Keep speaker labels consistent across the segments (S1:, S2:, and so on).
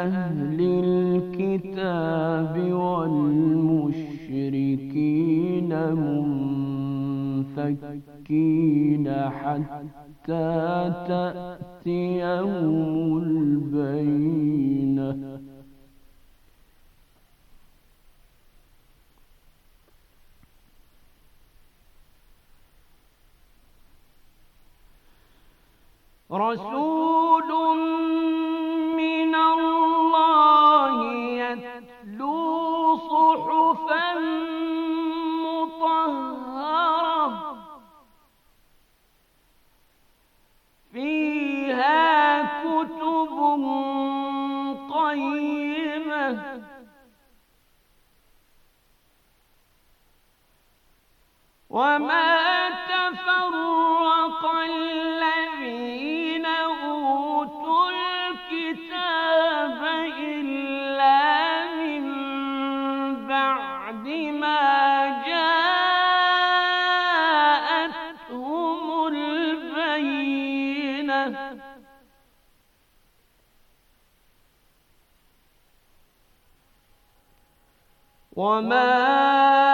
S1: أهل الكتاب والمشركين منفكين حتى تأتيهم البينة رسول صحفا مطهرة
S2: فيها كتب قيمة
S1: وما تفرق الذين وما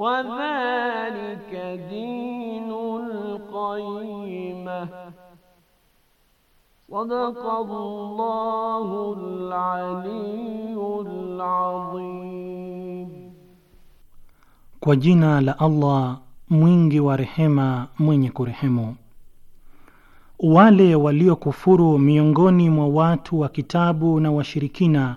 S1: wadhalika dinul qayyima. Sadaqallahul aliyyul adhim.
S3: Kwa jina la Allah mwingi wa rehema mwenye kurehemu. Wale waliokufuru miongoni mwa watu wa kitabu na washirikina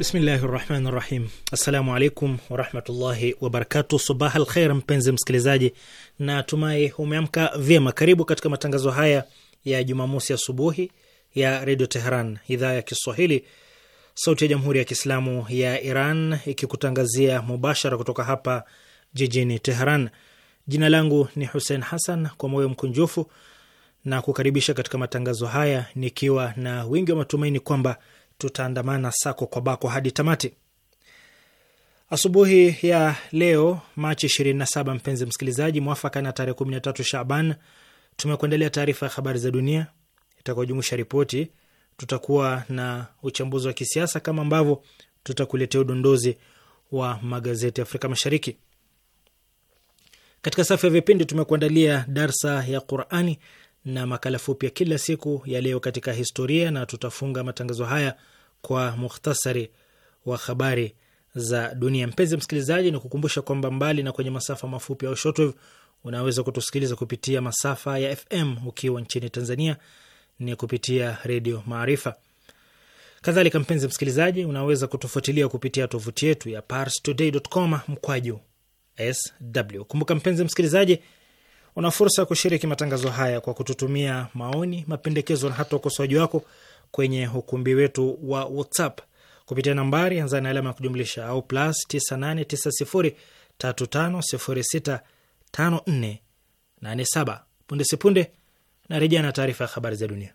S4: Bismillahi rahmani rahim. Assalamu alaikum warahmatullahi wabarakatu. Sabah al kheir, mpenzi msikilizaji, na tumai umeamka vyema. Karibu katika matangazo haya ya Jumamosi asubuhi ya, redio Tehran idhaa ya Kiswahili, sauti ya jamhuri ya Kiislamu ya Iran ikikutangazia mubashara kutoka hapa jijini Tehran. Jina langu ni Hussein Hassan, kwa moyo mkunjufu na kukaribisha katika matangazo haya nikiwa na wingi wa matumaini kwamba tutaandamana sako kwa bako hadi tamati. Asubuhi ya leo Machi 27, mpenzi msikilizaji, mwafaka na tarehe 13 Shaban, tumekuandalia taarifa ya habari za dunia itakayojumuisha ripoti. Tutakuwa na uchambuzi wa kisiasa kama ambavyo tutakuletea udondozi wa magazeti Afrika Mashariki. Katika safu ya vipindi tumekuandalia darsa ya Qurani na makala fupi ya kila siku ya leo katika historia, na tutafunga matangazo haya kwa mukhtasari wa habari za dunia. Mpenzi msikilizaji, ni kukumbusha kwamba mbali na kwenye masafa mafupi au shortwave, unaweza kutusikiliza kupitia masafa ya FM ukiwa nchini Tanzania ni kupitia Redio Maarifa. Kadhalika, mpenzi msikilizaji, unaweza kutufuatilia kupitia tovuti yetu ya parstoday.com mkwaju sw. Kumbuka mpenzi msikilizaji, una fursa ya kushiriki matangazo haya kwa kututumia maoni, mapendekezo na hata ukosoaji wako kwenye ukumbi wetu wa WhatsApp kupitia nambari anza na alama ya kujumlisha au plus 989035065487. Punde sipunde na narejea na taarifa ya habari za dunia.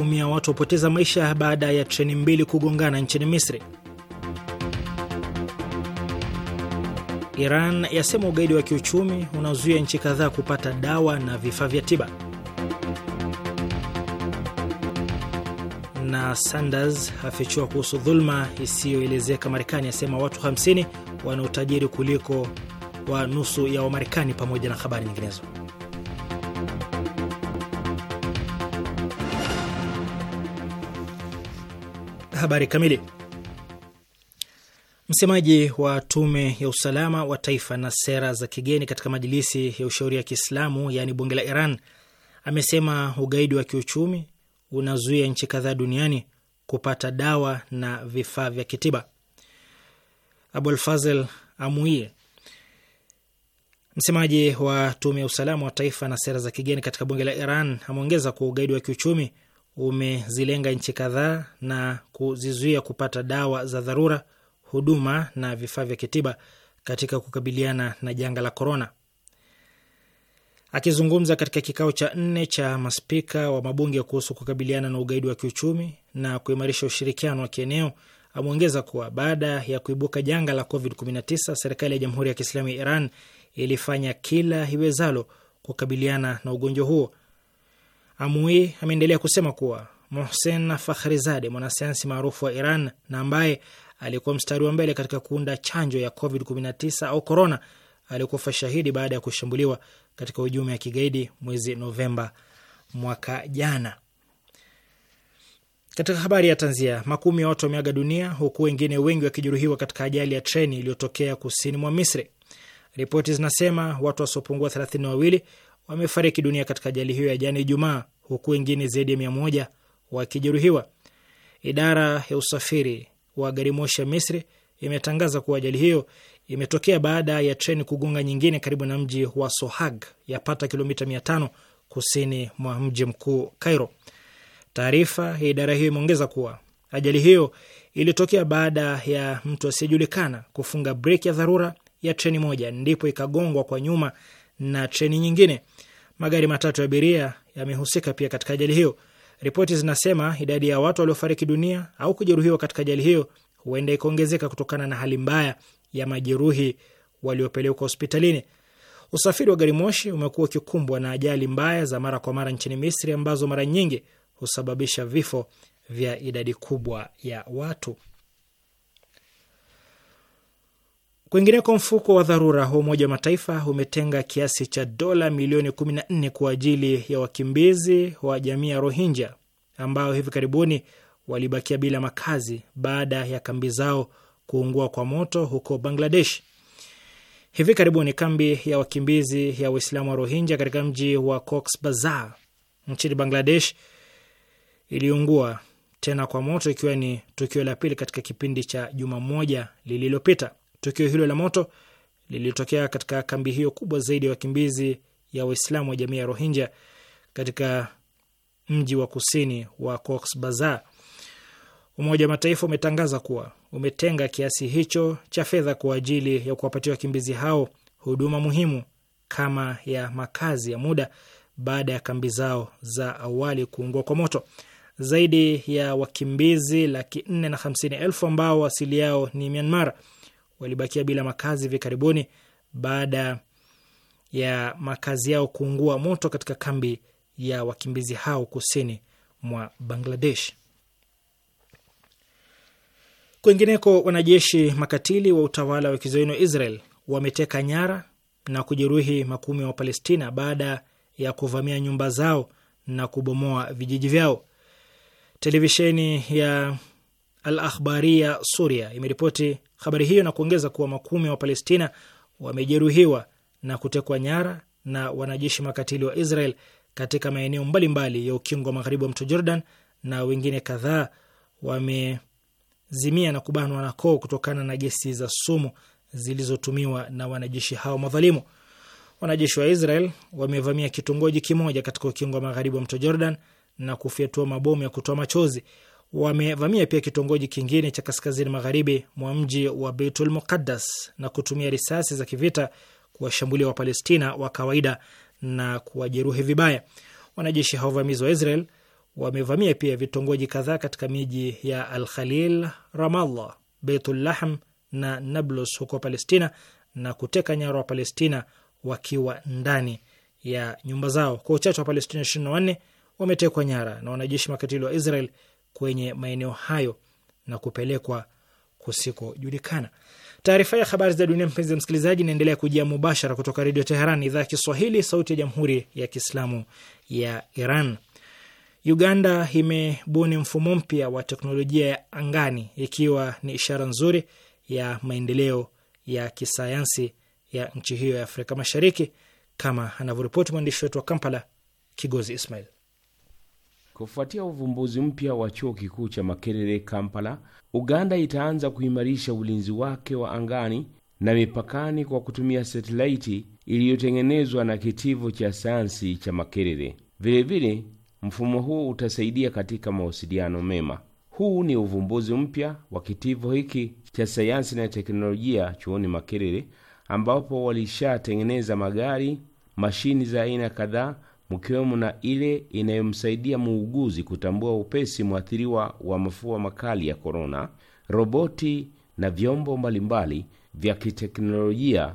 S4: makumi ya watu wapoteza maisha baada ya treni mbili kugongana nchini Misri. Iran yasema ugaidi wa kiuchumi unazuia nchi kadhaa kupata dawa na vifaa vya tiba. Na Sanders hafichua kuhusu dhuluma isiyoelezeka Marekani, asema watu 50 wana utajiri kuliko wa nusu ya Wamarekani, pamoja na habari nyinginezo. Habari kamili. Msemaji wa tume ya usalama wa taifa na sera za kigeni katika Majilisi ya Ushauri ya Kiislamu, yaani bunge la Iran, amesema ugaidi wa kiuchumi unazuia nchi kadhaa duniani kupata dawa na vifaa vya kitiba. Abulfazl Amuie, msemaji wa tume ya usalama wa taifa na sera za kigeni katika bunge la Iran, ameongeza kuwa ugaidi wa kiuchumi umezilenga nchi kadhaa na kuzizuia kupata dawa za dharura, huduma na vifaa vya kitiba katika kukabiliana na janga la korona. Akizungumza katika kikao cha nne cha maspika wa mabunge kuhusu kukabiliana na ugaidi wa kiuchumi na kuimarisha ushirikiano wa kieneo, ameongeza kuwa baada ya kuibuka janga la COVID-19, serikali ya Jamhuri ya Kiislamu ya Iran ilifanya kila iwezalo kukabiliana na ugonjwa huo. Amui ameendelea kusema kuwa Mohsen Fakhrizade, mwanasayansi maarufu wa Iran na ambaye alikuwa mstari wa mbele katika kuunda chanjo ya COVID-19 au corona, alikufa shahidi baada ya kushambuliwa katika hujuma ya kigaidi mwezi Novemba mwaka jana. Katika habari ya tanzia, makumi ya watu wameaga dunia huku wengine wengi wakijeruhiwa katika ajali ya treni iliyotokea kusini mwa Misri. Ripoti zinasema watu wasiopungua thelathini na wawili wamefariki dunia katika ajali hiyo ya jana Ijumaa, huku wengine zaidi ya mia moja wakijeruhiwa. Idara ya usafiri wa garimoshi ya Misri imetangaza kuwa ajali hiyo imetokea baada ya treni kugonga nyingine karibu na mji wa Sohag, yapata kilomita mia tano kusini mwa mji mkuu Cairo. Taarifa ya idara hiyo imeongeza kuwa ajali hiyo ilitokea baada ya mtu asiyejulikana kufunga breki ya dharura ya treni moja, ndipo ikagongwa kwa nyuma na treni nyingine. Magari matatu ya abiria yamehusika pia katika ajali hiyo. Ripoti zinasema idadi ya watu waliofariki dunia au kujeruhiwa katika ajali hiyo huenda ikaongezeka kutokana na hali mbaya ya majeruhi waliopelekwa hospitalini. Usafiri wa gari moshi umekuwa ukikumbwa na ajali mbaya za mara kwa mara nchini Misri ambazo mara nyingi husababisha vifo vya idadi kubwa ya watu. Kwingineko, mfuko wa dharura wa Umoja wa Mataifa umetenga kiasi cha dola milioni 14 kwa ajili ya wakimbizi wa jamii ya Rohingya ambao hivi karibuni walibakia bila makazi baada ya kambi zao kuungua kwa moto huko Bangladesh. Hivi karibuni kambi ya wakimbizi ya Waislamu wa Rohingya katika mji wa cox Bazar nchini Bangladesh iliungua tena kwa moto, ikiwa ni tukio la pili katika kipindi cha juma moja lililopita. Tukio hilo la moto lilitokea katika kambi hiyo kubwa zaidi ya wakimbizi ya Waislamu wa jamii ya Rohingya katika mji wa kusini wa Cox Bazar. Umoja wa Mataifa umetangaza kuwa umetenga kiasi hicho cha fedha kwa ajili ya kuwapatia wakimbizi hao huduma muhimu kama ya makazi ya muda baada ya kambi zao za awali kuungua kwa moto. Zaidi ya wakimbizi laki nne na hamsini elfu ambao asili yao ni Myanmar walibakia bila makazi hivi karibuni baada ya makazi yao kuungua moto katika kambi ya wakimbizi hao kusini mwa Bangladesh. Kwingineko, wanajeshi makatili wa utawala wa kizayuni wa Israel wameteka nyara na kujeruhi makumi ya Wapalestina baada ya kuvamia nyumba zao na kubomoa vijiji vyao. Televisheni ya Al ahbaria Suria imeripoti habari hiyo na kuongeza kuwa makumi wa Palestina wamejeruhiwa na kutekwa nyara na wanajeshi makatili wa Israel katika maeneo mbalimbali ya ukingo wa magharibi wa mto Jordan na wengine kadhaa wamezimia na kubanwa na koo kutokana na gesi za sumu zilizotumiwa na wanajeshi hao madhalimu. Wanajeshi wa Israel wamevamia kitongoji kimoja katika ukingo wa magharibi wa mto Jordan na kufyatua mabomu ya kutoa machozi wamevamia pia kitongoji kingine cha kaskazini magharibi mwa mji wa Beitul Muqaddas na kutumia risasi za kivita kuwashambulia Wapalestina wa kawaida na kuwajeruhi vibaya. Wanajeshi hao wavamizi wa Israel wamevamia pia vitongoji kadhaa katika miji ya Al Khalil, Ramallah, Beitul Lahm na Nablus huko Palestina na kuteka nyara wa Palestina wakiwa ndani ya nyumba zao. Kwa uchache wa Palestina 24 wametekwa nyara na wanajeshi makatili wa Israel kwenye maeneo hayo na kupelekwa kusikojulikana. Taarifa ya habari za dunia, mpenzi msikilizaji, inaendelea kujia mubashara kutoka Redio Teheran, idhaa ya Kiswahili, sauti ya Jamhuri ya Kiislamu ya Iran. Uganda imebuni mfumo mpya wa teknolojia ya angani ikiwa ni ishara nzuri ya maendeleo ya kisayansi ya nchi hiyo ya Afrika Mashariki, kama anavyoripoti mwandishi wetu wa Kampala, Kigozi Ismail.
S5: Kufuatia uvumbuzi mpya wa chuo kikuu cha Makerere Kampala, Uganda itaanza kuimarisha ulinzi wake wa angani na mipakani kwa kutumia satelaiti iliyotengenezwa na kitivo cha sayansi cha Makerere. Vilevile, mfumo huo utasaidia katika mawasiliano mema. Huu ni uvumbuzi mpya wa kitivo hiki cha sayansi na teknolojia chuoni Makerere, ambapo walishatengeneza magari, mashini za aina kadhaa mkiwemo na ile inayomsaidia muuguzi kutambua upesi mwathiriwa wa mafua makali ya korona, roboti na vyombo mbalimbali vya kiteknolojia.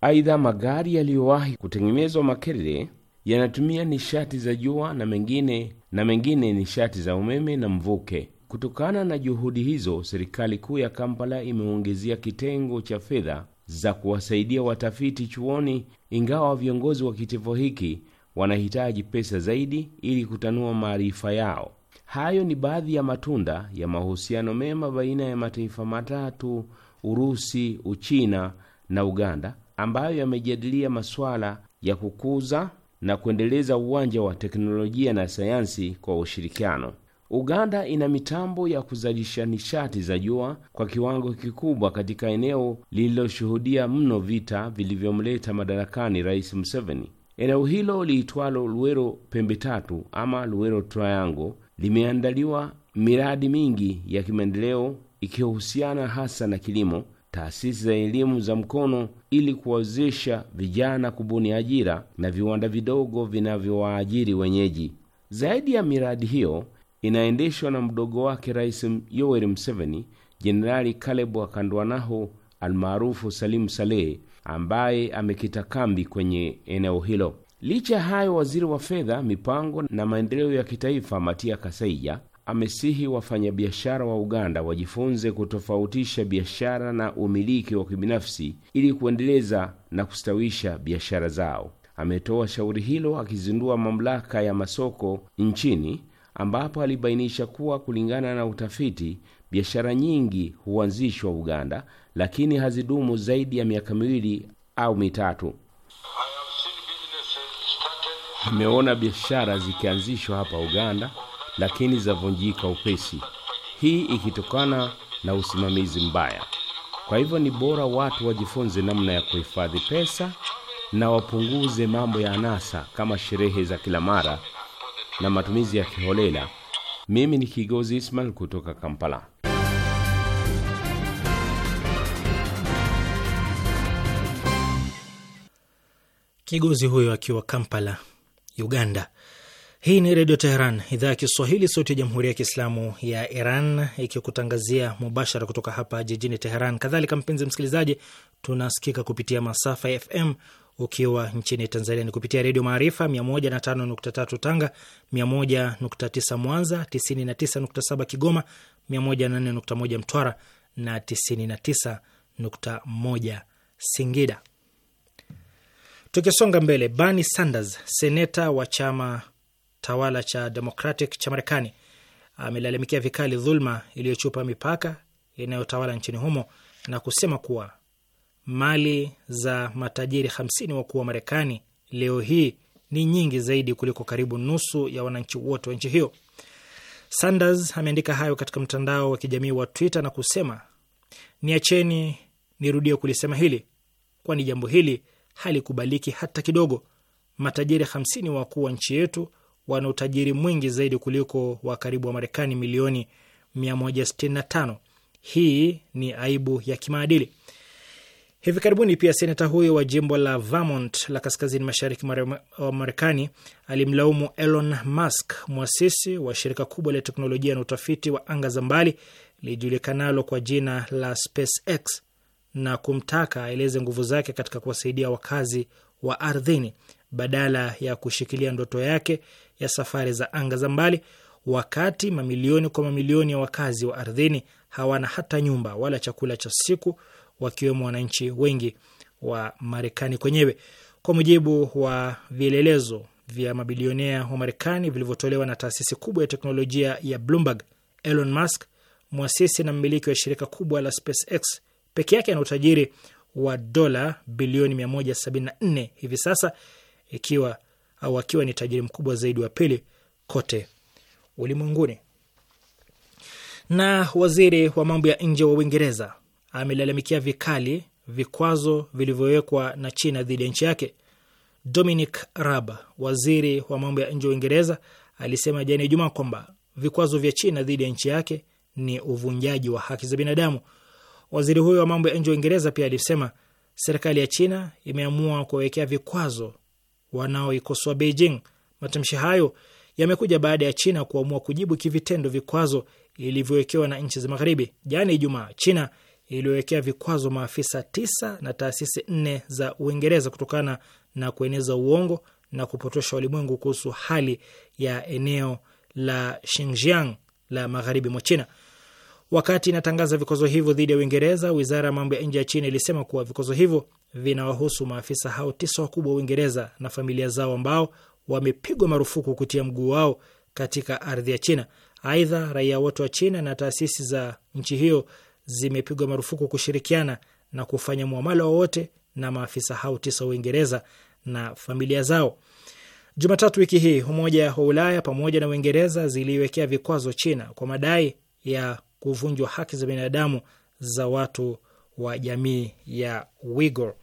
S5: Aidha, magari yaliyowahi kutengenezwa Makerere yanatumia nishati za jua na mengine na mengine nishati za umeme na mvuke. Kutokana na juhudi hizo, serikali kuu ya Kampala imeongezea kitengo cha fedha za kuwasaidia watafiti chuoni, ingawa viongozi wa kitengo hiki wanahitaji pesa zaidi ili kutanua maarifa yao. Hayo ni baadhi ya matunda ya mahusiano mema baina ya mataifa matatu, Urusi, Uchina na Uganda, ambayo yamejadilia masuala ya kukuza na kuendeleza uwanja wa teknolojia na sayansi kwa ushirikiano. Uganda ina mitambo ya kuzalisha nishati za jua kwa kiwango kikubwa katika eneo lililoshuhudia mno vita vilivyomleta madarakani Rais Museveni. Eneo hilo liitwalo Luwero pembe tatu ama Luwero Triangle limeandaliwa miradi mingi ya kimaendeleo ikihusiana hasa na kilimo, taasisi za elimu za mkono ili kuwawezesha vijana kubuni ajira na viwanda vidogo vinavyowaajiri wenyeji. Zaidi ya miradi hiyo inaendeshwa na mdogo wake Rais Yoweri Museveni, Jenerali Kalebu Akandwanaho almaarufu Salimu Saleh ambaye amekita kambi kwenye eneo hilo. Licha ya hayo, waziri wa fedha, mipango na maendeleo ya kitaifa Matia Kasaija amesihi wafanyabiashara wa Uganda wajifunze kutofautisha biashara na umiliki wa kibinafsi ili kuendeleza na kustawisha biashara zao. Ametoa shauri hilo akizindua mamlaka ya masoko nchini, ambapo alibainisha kuwa kulingana na utafiti, biashara nyingi huanzishwa Uganda lakini hazidumu zaidi ya miaka miwili au mitatu. Nimeona biashara zikianzishwa hapa Uganda, lakini zavunjika upesi, hii ikitokana na usimamizi mbaya. Kwa hivyo ni bora watu wajifunze namna ya kuhifadhi pesa na wapunguze mambo ya anasa kama sherehe za kila mara na matumizi ya kiholela. Mimi ni Kigozi Ismail kutoka Kampala.
S4: Kigozi huyo akiwa Kampala, Uganda. Hii ni Redio Teheran, idhaa ya Kiswahili, sauti ya Jamhuri ya Kiislamu ya Iran, ikikutangazia mubashara kutoka hapa jijini Teheran. Kadhalika mpenzi msikilizaji, tunasikika kupitia masafa ya FM ukiwa nchini Tanzania ni kupitia Redio Maarifa 105.3 Tanga, 101.9 Mwanza, 99.7 Kigoma, 104.1 Mtwara na 99.1 Singida. Tukisonga mbele, Bernie Sanders, seneta wa chama tawala cha Democratic cha Marekani, amelalamikia vikali dhulma iliyochupa mipaka inayotawala nchini humo na kusema kuwa mali za matajiri 50 wakuu wa Marekani leo hii ni nyingi zaidi kuliko karibu nusu ya wananchi wote wa nchi hiyo. Sanders ameandika hayo katika mtandao wa kijamii wa Twitter na kusema, niacheni nirudie kulisema hili, kwani jambo hili halikubaliki hata kidogo. Matajiri 50 wakuu wa nchi yetu wana utajiri mwingi zaidi kuliko wa karibu wa Marekani milioni 165. Hii ni aibu ya kimaadili. Hivi karibuni pia senata huyo wa jimbo la Vermont la kaskazini mashariki wa Marekani alimlaumu Elon Musk, mwasisi wa shirika kubwa la teknolojia na utafiti wa anga za mbali lijulikanalo kwa jina la SpaceX, na kumtaka aeleze nguvu zake katika kuwasaidia wakazi wa ardhini badala ya kushikilia ndoto yake ya safari za anga za mbali, wakati mamilioni kwa mamilioni ya wakazi wa ardhini hawana hata nyumba wala chakula cha siku, wakiwemo wananchi wengi wa Marekani kwenyewe. Kwa mujibu wa vielelezo vya mabilionea wa Marekani vilivyotolewa na taasisi kubwa ya teknolojia ya Bloomberg, Elon Musk, mwasisi na mmiliki wa shirika kubwa la SpaceX peke yake ana utajiri wa dola bilioni 174 hivi sasa, ikiwa au akiwa ni tajiri mkubwa zaidi wa pili kote ulimwenguni. Na waziri wa mambo ya nje wa Uingereza amelalamikia vikali vikwazo vilivyowekwa na China dhidi ya nchi yake. Dominic Raab, waziri wa mambo ya nje wa Uingereza, alisema jana Ijumaa kwamba vikwazo vya China dhidi ya nchi yake ni uvunjaji wa haki za binadamu. Waziri huyo wa mambo ya nje wa Uingereza pia alisema serikali ya China imeamua kuwawekea vikwazo wanaoikosoa Beijing. Matamshi hayo yamekuja baada ya China kuamua kujibu kivitendo vikwazo ilivyowekewa na nchi za Magharibi. Jana Ijumaa, China iliyowekea vikwazo maafisa tisa na taasisi nne za Uingereza kutokana na kueneza uongo na kupotosha walimwengu kuhusu hali ya eneo la Xinjiang la magharibi mwa China. Wakati inatangaza vikwazo hivyo dhidi ya Uingereza, wizara ya mambo ya nje ya China ilisema kuwa vikwazo hivyo vinawahusu maafisa hao tisa wakubwa wa Uingereza na familia zao ambao wamepigwa marufuku kutia mguu wao katika ardhi ya China. Aidha, raia wote wa China na taasisi za nchi hiyo zimepigwa marufuku kushirikiana na kufanya mwamala wowote na maafisa hao tisa wa Uingereza na familia zao. Jumatatu wiki hii, Umoja wa Ulaya pamoja na Uingereza ziliwekea vikwazo China kwa madai ya kuvunjwa haki za binadamu za watu wa jamii ya Uighur.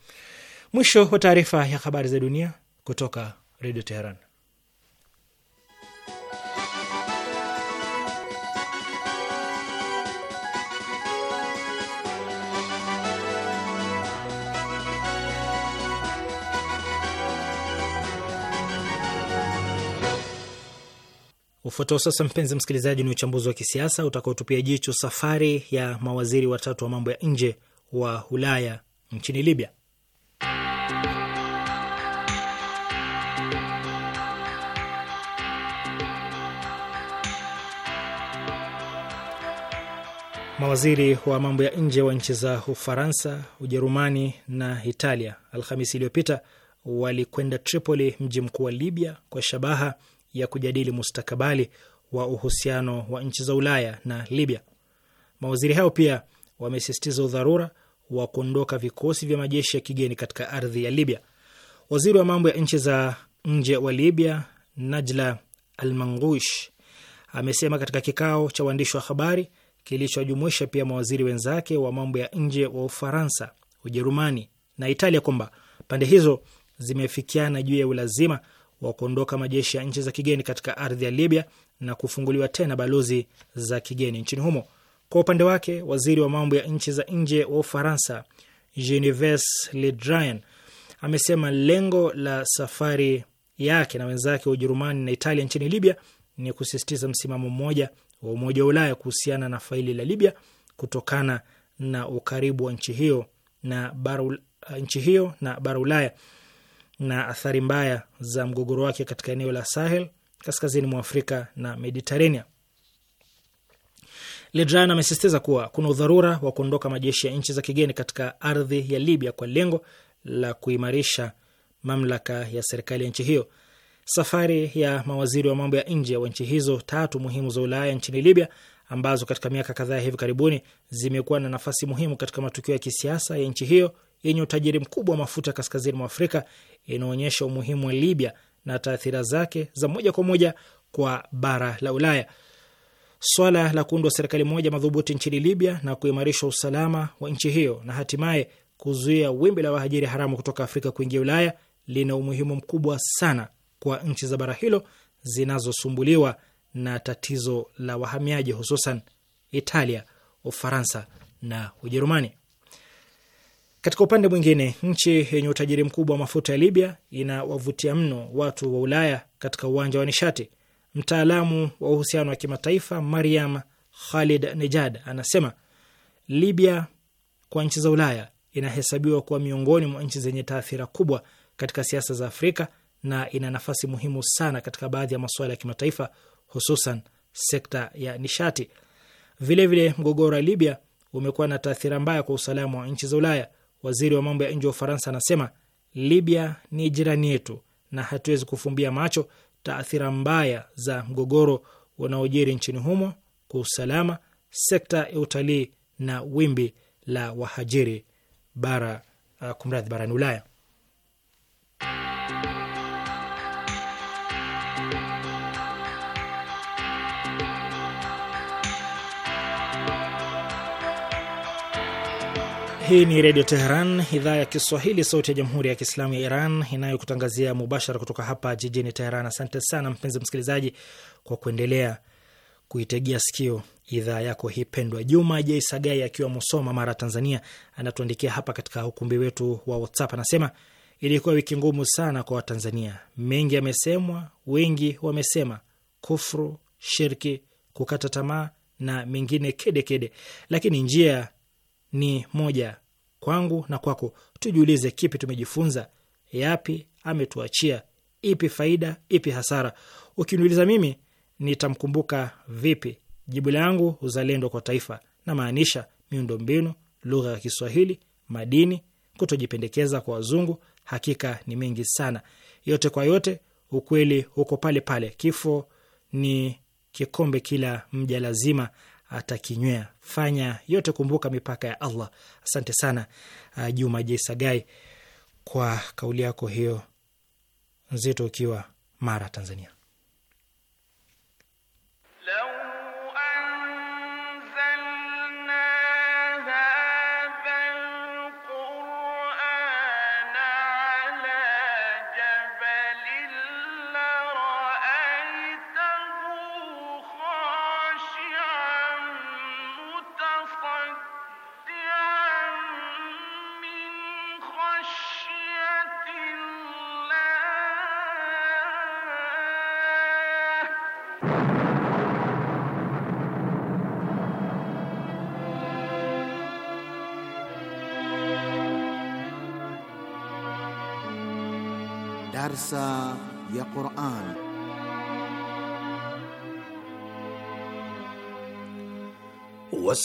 S4: Mwisho wa taarifa ya habari za dunia kutoka Redio Teheran. Ufuatao sasa, mpenzi msikilizaji, ni uchambuzi wa kisiasa utakaotupia jicho safari ya mawaziri watatu wa mambo ya nje wa Ulaya nchini Libya. Mawaziri wa mambo ya nje wa nchi za Ufaransa, Ujerumani na Italia Alhamisi iliyopita walikwenda Tripoli, mji mkuu wa Libya, kwa shabaha ya kujadili mustakabali wa uhusiano wa nchi za Ulaya na Libya. Mawaziri hao pia wamesisitiza udharura wa kuondoka vikosi vya majeshi ya kigeni katika ardhi ya Libya. Waziri wa mambo ya nchi za nje wa Libya, Najla Almangush, amesema katika kikao cha waandishi wa habari kilichojumuisha pia mawaziri wenzake wa mambo ya nje wa Ufaransa, Ujerumani na Italia kwamba pande hizo zimefikiana juu ya ulazima wa kuondoka majeshi ya nchi za kigeni katika ardhi ya Libya na kufunguliwa tena balozi za kigeni nchini humo. Kwa upande wake, waziri wa mambo ya nchi za nje wa Ufaransa Genevieve Le Drian amesema lengo la safari yake na wenzake wa Ujerumani na Italia nchini Libya ni kusisitiza msimamo mmoja wa Umoja wa Ulaya kuhusiana na faili la Libya kutokana na ukaribu wa nchi hiyo na bara nchi hiyo na bara Ulaya na athari mbaya za mgogoro wake katika eneo la Sahel kaskazini mwa Afrika na Mediterania. Ledran amesisitiza kuwa kuna udharura wa kuondoka majeshi ya nchi za kigeni katika ardhi ya Libya kwa lengo la kuimarisha mamlaka ya serikali ya nchi hiyo. Safari ya mawaziri wa mambo ya nje wa nchi hizo tatu muhimu za Ulaya nchini Libya, ambazo katika miaka kadhaa hivi karibuni zimekuwa na nafasi muhimu katika matukio ya kisiasa ya nchi hiyo yenye utajiri mkubwa wa mafuta kaskazini mwa Afrika inaonyesha umuhimu wa Libya na taathira zake za moja kwa moja kwa bara la Ulaya. Swala la kuundwa serikali moja madhubuti nchini Libya na kuimarisha usalama wa nchi hiyo na hatimaye kuzuia wimbi la wahajiri haramu kutoka Afrika kuingia Ulaya lina umuhimu mkubwa sana kwa nchi za bara hilo zinazosumbuliwa na tatizo la wahamiaji, hususan Italia, Ufaransa na Ujerumani. Katika upande mwingine, nchi yenye utajiri mkubwa wa mafuta ya Libya inawavutia mno watu wa Ulaya katika uwanja wa nishati. Mtaalamu wa uhusiano wa kimataifa Mariam Khalid Nejad anasema Libya kwa nchi za Ulaya inahesabiwa kuwa miongoni mwa nchi zenye taathira kubwa katika siasa za Afrika na ina nafasi muhimu sana katika baadhi ya masuala ya kimataifa, hususan sekta ya nishati. Vilevile, mgogoro wa Libya umekuwa na taathira mbaya kwa usalama wa nchi za Ulaya. Waziri wa mambo ya nje wa Ufaransa anasema Libya ni jirani yetu na hatuwezi kufumbia macho taathira mbaya za mgogoro unaojiri nchini humo kwa usalama, sekta ya utalii na wimbi la wahajiri bara, uh, kumradhi, barani Ulaya. Hii ni Redio Teheran, idhaa ya Kiswahili, sauti ya Jamhuri ya Kiislamu ya Iran inayokutangazia mubashara kutoka hapa jijini Teheran. Asante sana mpenzi msikilizaji kwa kuendelea kuitegea sikio idhaa yako hii pendwa. Juma J Sagai akiwa Musoma, Mara, Tanzania, anatuandikia hapa katika ukumbi wetu wa WhatsApp. Anasema ilikuwa wiki ngumu sana kwa Watanzania, mengi yamesemwa, wengi wamesema kufru, shirki, kukata tamaa na mengine kedekede kede. Lakini njia ni moja kwangu na kwako. Tujiulize, kipi tumejifunza? Yapi ametuachia? Ipi faida? Ipi hasara? Ukiniuliza mimi, nitamkumbuka vipi? Jibu langu, uzalendo kwa taifa, na maanisha miundombinu, lugha ya Kiswahili, madini, kutojipendekeza kwa wazungu. Hakika ni mengi sana. Yote kwa yote, ukweli uko pale pale, kifo ni kikombe kila mja lazima atakinywea. Fanya yote, kumbuka mipaka ya Allah. Asante sana uh, Juma jesagai kwa kauli yako hiyo nzito, ukiwa Mara, Tanzania.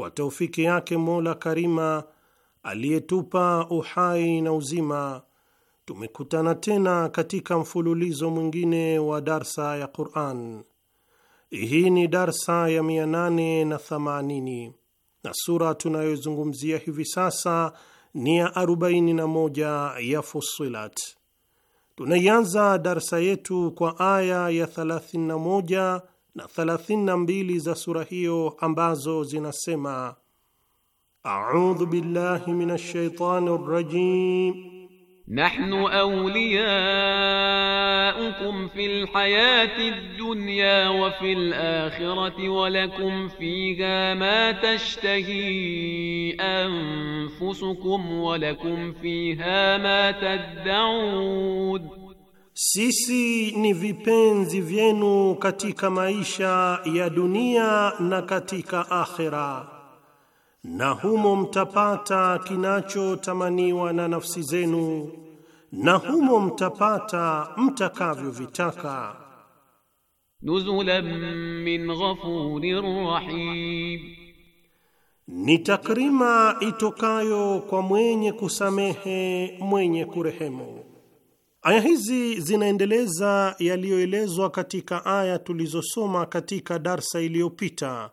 S6: kwa taufiki yake Mola Karima aliyetupa uhai na uzima, tumekutana tena katika mfululizo mwingine wa darsa ya Quran. Hii ni darsa ya 880 na sura tunayozungumzia hivi sasa ni ya 41 ya Fusilat. Tunaianza darsa yetu kwa aya ya 31 na 32 za sura hiyo ambazo zinasema: audhu billahi minash shaitani
S1: rrajim Nahnu awliyaukum fil hayati dunya wa fil akhirati wa lakum fiha ma tashtahi anfusukum wa lakum fiha ma tad'un Sisi ni
S6: vipenzi vyenu katika maisha ya dunia na katika akhera, na humo mtapata kinachotamaniwa na nafsi zenu, na humo mtapata mtakavyovitaka.
S1: Nuzulan min ghafurir rahim,
S6: ni takrima itokayo kwa mwenye kusamehe mwenye kurehemu. Aya hizi zinaendeleza yaliyoelezwa katika aya tulizosoma katika darsa iliyopita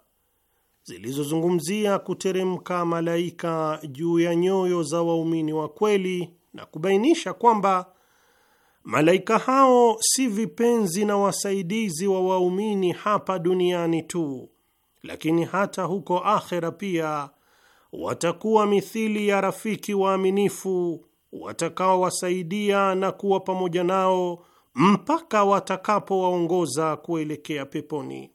S6: zilizozungumzia kuteremka malaika juu ya nyoyo za waumini wa kweli na kubainisha kwamba malaika hao si vipenzi na wasaidizi wa waumini hapa duniani tu, lakini hata huko akhera pia watakuwa mithili ya rafiki waaminifu watakaowasaidia na kuwa pamoja nao mpaka watakapowaongoza kuelekea peponi.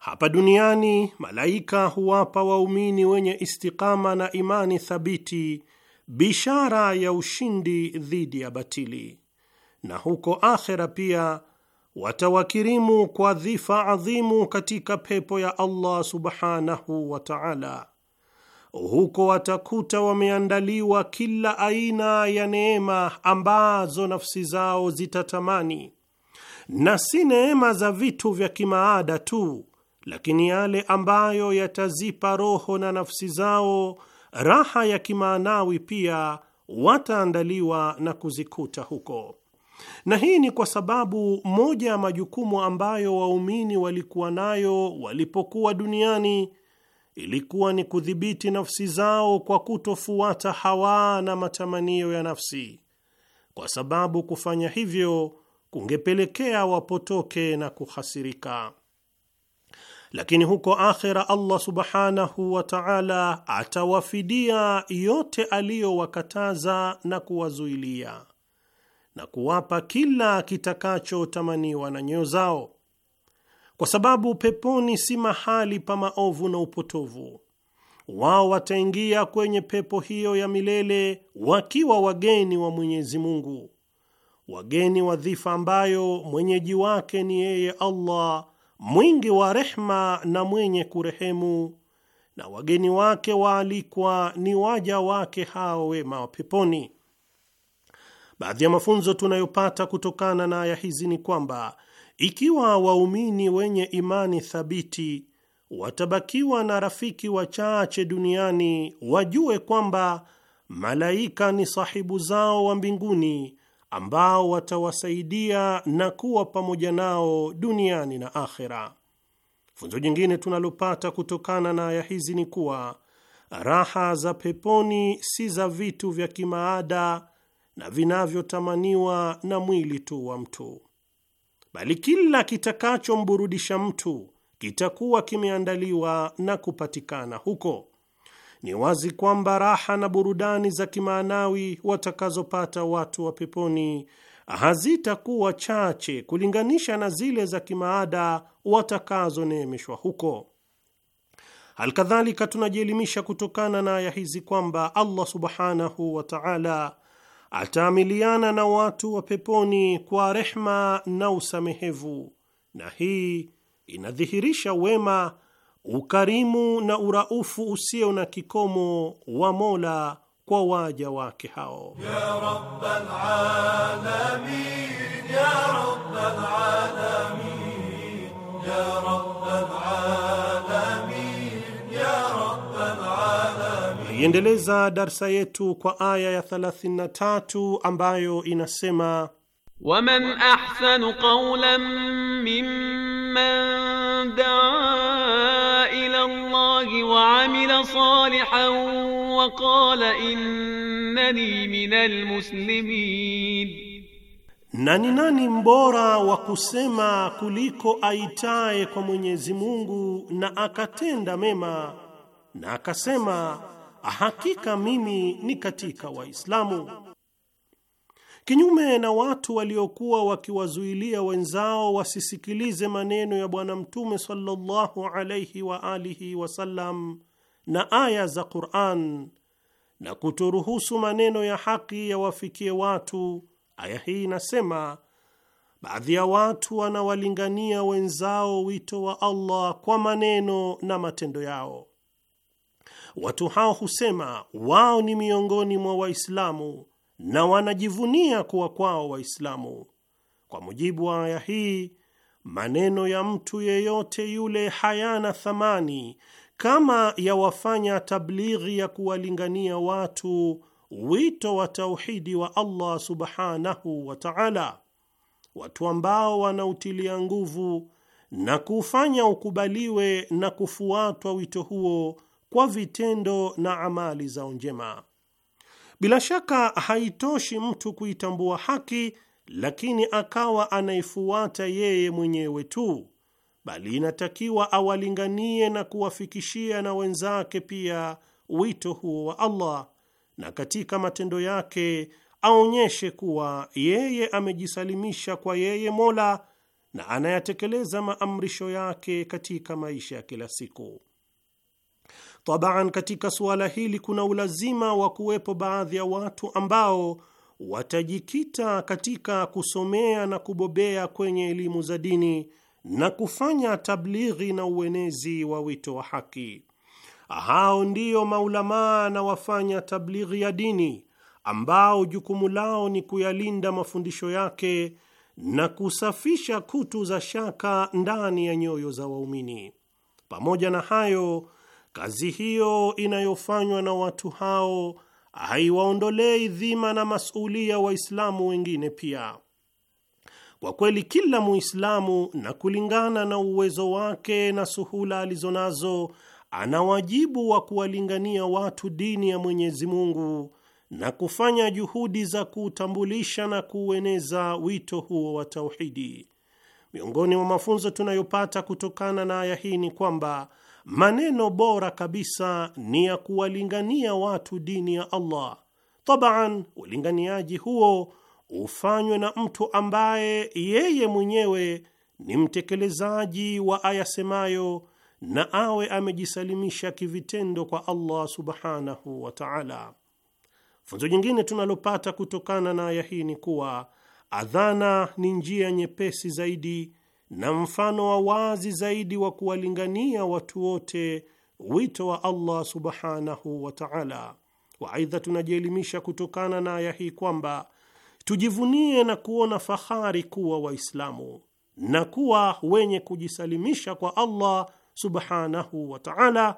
S6: Hapa duniani malaika huwapa waumini wenye istikama na imani thabiti bishara ya ushindi dhidi ya batili, na huko akhera pia watawakirimu kwa dhifa adhimu katika pepo ya Allah subhanahu wa ta'ala huko watakuta wameandaliwa kila aina ya neema ambazo nafsi zao zitatamani, na si neema za vitu vya kimaada tu, lakini yale ambayo yatazipa roho na nafsi zao raha ya kimaanawi pia wataandaliwa na kuzikuta huko. Na hii ni kwa sababu moja ya majukumu ambayo waumini walikuwa nayo walipokuwa duniani ilikuwa ni kudhibiti nafsi zao kwa kutofuata hawa na matamanio ya nafsi, kwa sababu kufanya hivyo kungepelekea wapotoke na kuhasirika. Lakini huko akhera, Allah subhanahu wa ta'ala atawafidia yote aliyowakataza na kuwazuilia na kuwapa kila kitakachotamaniwa na nyoyo zao kwa sababu peponi si mahali pa maovu na upotovu. Wao wataingia kwenye pepo hiyo ya milele wakiwa wageni wa Mwenyezi Mungu, wageni wa dhifa ambayo mwenyeji wake ni yeye Allah, mwingi wa rehma na mwenye kurehemu, na wageni wake waalikwa ni waja wake hao wema wa peponi. Baadhi ya mafunzo tunayopata kutokana na aya hizi ni kwamba ikiwa waumini wenye imani thabiti watabakiwa na rafiki wachache duniani, wajue kwamba malaika ni sahibu zao wa mbinguni ambao watawasaidia na kuwa pamoja nao duniani na akhera. Funzo jingine tunalopata kutokana na aya hizi ni kuwa raha za peponi si za vitu vya kimaada na vinavyotamaniwa na mwili tu wa mtu bali kila kitakachomburudisha mtu kitakuwa kimeandaliwa na kupatikana huko. Ni wazi kwamba raha na burudani za kimaanawi watakazopata watu wa peponi hazitakuwa chache kulinganisha na zile za kimaada watakazoneemeshwa huko. Alkadhalika, tunajielimisha kutokana na aya hizi kwamba Allah subhanahu wa ta'ala ataamiliana na watu wa peponi kwa rehma na usamehevu, na hii inadhihirisha wema, ukarimu na uraufu usio na kikomo wa Mola kwa waja wake hao ya ya Rabbal
S2: Alamin, ya Rabbal Alamin
S6: Tunaiendeleza darsa yetu kwa aya ya 33 ambayo inasema waman ahsanu
S1: qawlan mimman daa ila Allahi wa amila salihan wa qala innani minal muslimin
S6: nani nani mbora wa kusema kuliko aitaye kwa Mwenyezi Mungu na akatenda mema na akasema hakika mimi ni katika Waislamu. Kinyume na watu waliokuwa wakiwazuilia wenzao wasisikilize maneno ya Bwana Mtume sallallahu alaihi wa alihi wasallam na aya za Quran na kutoruhusu maneno ya haki yawafikie watu, aya hii inasema baadhi ya watu wanawalingania wenzao wito wa Allah kwa maneno na matendo yao watu hao husema wao ni miongoni mwa Waislamu na wanajivunia kuwa kwao Waislamu. Kwa mujibu wa aya hii, maneno ya mtu yeyote yule hayana thamani kama yawafanya tablighi ya kuwalingania watu wito wa tauhidi wa Allah subhanahu wa ta'ala, watu ambao wanautilia nguvu na kufanya ukubaliwe na kufuatwa wito huo kwa vitendo na amali zao njema. Bila shaka haitoshi mtu kuitambua haki, lakini akawa anaifuata yeye mwenyewe tu, bali inatakiwa awalinganie na kuwafikishia na wenzake pia wito huo wa Allah, na katika matendo yake aonyeshe kuwa yeye amejisalimisha kwa yeye Mola na anayatekeleza maamrisho yake katika maisha ya kila siku. Tabaan, katika suala hili kuna ulazima wa kuwepo baadhi ya watu ambao watajikita katika kusomea na kubobea kwenye elimu za dini na kufanya tablighi na uenezi wa wito wa haki. Hao ndiyo maulamaa na wafanya tablighi ya dini ambao jukumu lao ni kuyalinda mafundisho yake na kusafisha kutu za shaka ndani ya nyoyo za waumini. Pamoja na hayo Kazi hiyo inayofanywa na watu hao haiwaondolei dhima na masulia Waislamu wengine pia. Kwa kweli, kila Muislamu na kulingana na uwezo wake na suhula alizo nazo, ana wajibu wa kuwalingania watu dini ya Mwenyezi Mungu na kufanya juhudi za kuutambulisha na kuueneza wito huo wa tauhidi. Miongoni mwa mafunzo tunayopata kutokana na aya hii ni kwamba maneno bora kabisa ni ya kuwalingania watu dini ya Allah. Tabaan, ulinganiaji huo ufanywe na mtu ambaye yeye mwenyewe ni mtekelezaji wa aya semayo, na awe amejisalimisha kivitendo kwa Allah subhanahu wa ta'ala. Funzo jingine tunalopata kutokana na aya hii ni kuwa adhana ni njia nyepesi zaidi na mfano wa wazi zaidi wa kuwalingania watu wote wito wa Allah subhanahu wa ta'ala. Wa aidha, tunajielimisha kutokana na aya hii kwamba tujivunie na kuona fahari kuwa Waislamu na kuwa wenye kujisalimisha kwa Allah subhanahu wa ta'ala,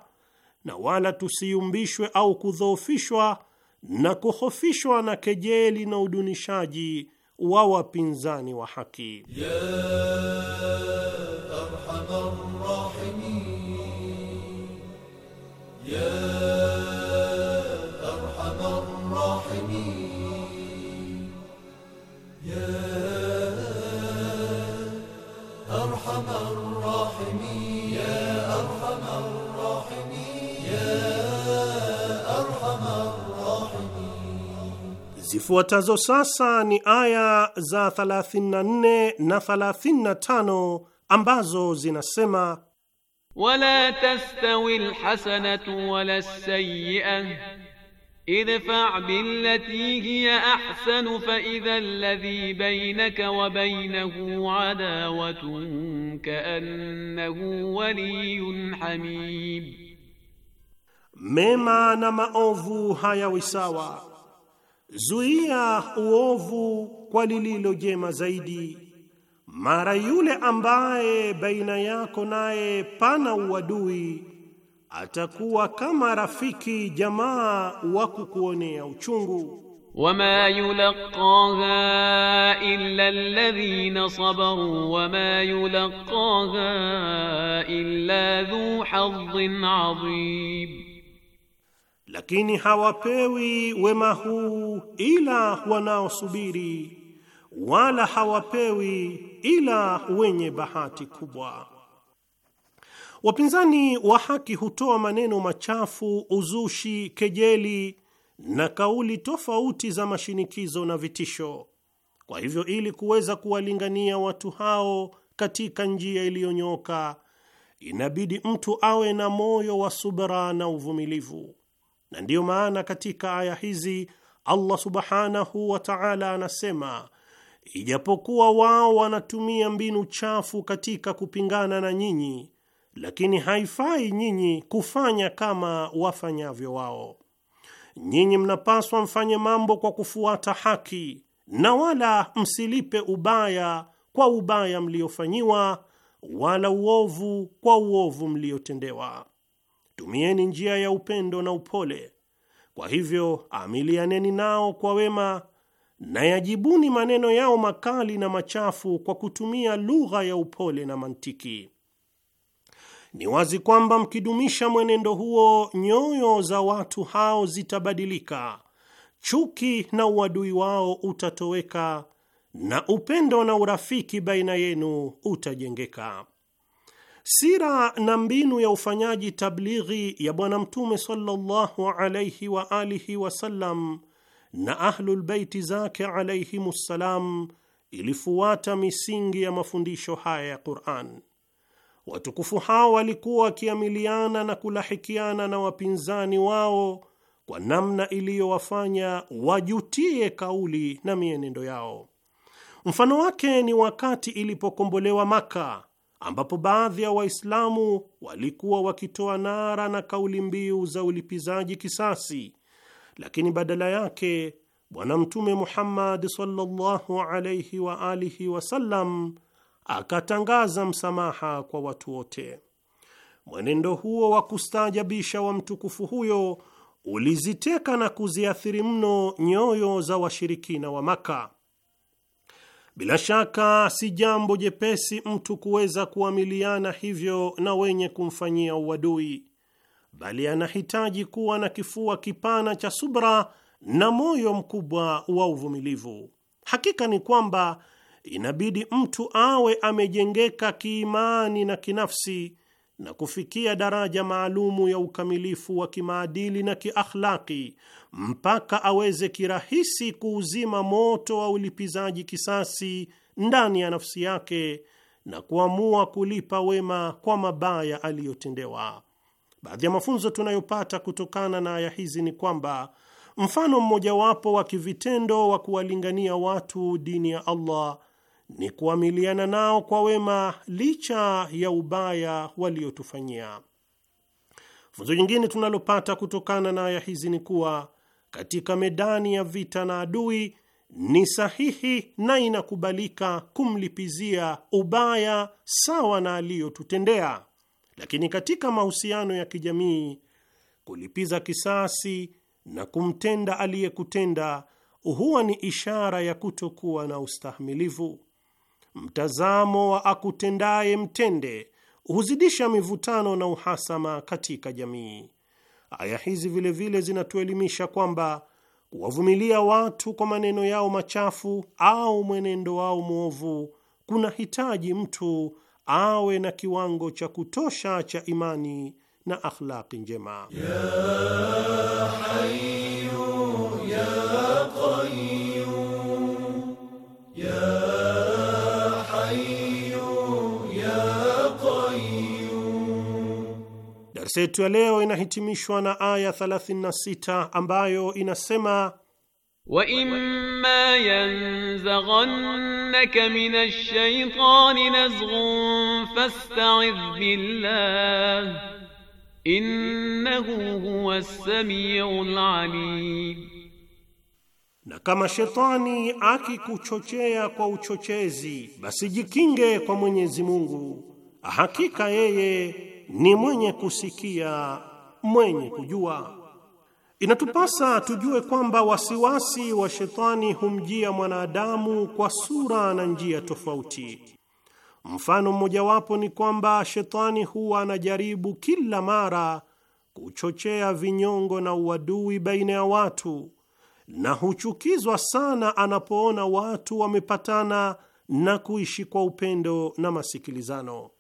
S6: na wala tusiumbishwe au kudhoofishwa na kuhofishwa na kejeli na udunishaji wa wapinzani wa haki
S2: ya arhamar rahimin ya arhamar rahimin
S6: Zifuatazo sasa ni aya za 34 na 35 ambazo zinasema
S1: wala tastawi alhasanatu wala alsayi'a idfa' billati hiya ahsanu fa idha alladhi baynaka wa baynahu adawatun ka'annahu waliyyun hamim,
S6: mema na maovu hayawi sawa zuia uovu kwa lililo jema zaidi, mara yule ambaye baina yako naye pana uadui atakuwa kama rafiki jamaa wa kukuonea uchungu.
S1: Wama yulqaha illa alladhina sabaru wama yulqaha illa dhu hadhin adhim lakini
S6: hawapewi wema huu ila wanaosubiri, wala hawapewi ila wenye bahati kubwa. Wapinzani wa haki hutoa maneno machafu, uzushi, kejeli na kauli tofauti za mashinikizo na vitisho. Kwa hivyo, ili kuweza kuwalingania watu hao katika njia iliyonyoka, inabidi mtu awe na moyo wa subra na uvumilivu na ndiyo maana katika aya hizi Allah subhanahu wa ta'ala anasema, ijapokuwa wao wanatumia mbinu chafu katika kupingana na nyinyi, lakini haifai nyinyi kufanya kama wafanyavyo wao. Nyinyi mnapaswa mfanye mambo kwa kufuata haki na wala msilipe ubaya kwa ubaya mliofanyiwa, wala uovu kwa uovu mliotendewa tumieni njia ya upendo na upole. Kwa hivyo amilianeni nao kwa wema na yajibuni maneno yao makali na machafu kwa kutumia lugha ya upole na mantiki. Ni wazi kwamba mkidumisha mwenendo huo, nyoyo za watu hao zitabadilika, chuki na uadui wao utatoweka, na upendo na urafiki baina yenu utajengeka. Sira na mbinu ya ufanyaji tablighi ya Bwana Mtume sallallahu alaihi wa alihi wasallam na Ahlulbeiti zake alayhimussalam ilifuata misingi ya mafundisho haya ya Quran. Watukufu hao walikuwa wakiamiliana na kulahikiana na wapinzani wao kwa namna iliyowafanya wajutie kauli na mienendo yao. Mfano wake ni wakati ilipokombolewa Maka ambapo baadhi ya Waislamu walikuwa wakitoa nara na kauli mbiu za ulipizaji kisasi, lakini badala yake Bwana Mtume Muhammad sallallahu alayhi wa alihi wasallam akatangaza msamaha kwa watu wote. Mwenendo huo wa kustaajabisha wa mtukufu huyo uliziteka na kuziathiri mno nyoyo za washirikina wa Maka bila shaka si jambo jepesi mtu kuweza kuamiliana hivyo na wenye kumfanyia uadui, bali anahitaji kuwa na kifua kipana cha subra na moyo mkubwa wa uvumilivu. Hakika ni kwamba inabidi mtu awe amejengeka kiimani na kinafsi na kufikia daraja maalumu ya ukamilifu wa kimaadili na kiakhlaki mpaka aweze kirahisi kuuzima moto wa ulipizaji kisasi ndani ya nafsi yake na kuamua kulipa wema kwa mabaya aliyotendewa. Baadhi ya mafunzo tunayopata kutokana na aya hizi ni kwamba mfano mmojawapo wa kivitendo wa kuwalingania watu dini ya Allah ni kuamiliana nao kwa wema licha ya ubaya waliotufanyia. Funzo jingine tunalopata kutokana na aya hizi ni kuwa katika medani ya vita na adui ni sahihi na inakubalika kumlipizia ubaya sawa na aliyotutendea, lakini katika mahusiano ya kijamii kulipiza kisasi na kumtenda aliyekutenda huwa ni ishara ya kutokuwa na ustahimilivu mtazamo wa akutendaye mtende huzidisha mivutano na uhasama katika jamii. Aya hizi vilevile vile zinatuelimisha kwamba kuwavumilia watu kwa maneno yao machafu au mwenendo wao mwovu kuna hitaji mtu awe na kiwango cha kutosha cha imani na akhlaqi njema ya hayu, ya Darsa yetu ya leo inahitimishwa na aya 36 ambayo inasema
S1: wa imma yanzaghannaka ash-shaytani nazghun fasta'idh billah innahu huwas samiul alim,
S6: na kama shetani akikuchochea kwa uchochezi, basi jikinge kwa Mwenyezi Mungu, hakika yeye ni mwenye kusikia, mwenye kujua. Inatupasa tujue kwamba wasiwasi wa shetani humjia mwanadamu kwa sura na njia tofauti. Mfano mmojawapo ni kwamba shetani huwa anajaribu kila mara kuchochea vinyongo na uadui baina ya watu, na huchukizwa sana anapoona watu wamepatana na kuishi kwa upendo na masikilizano.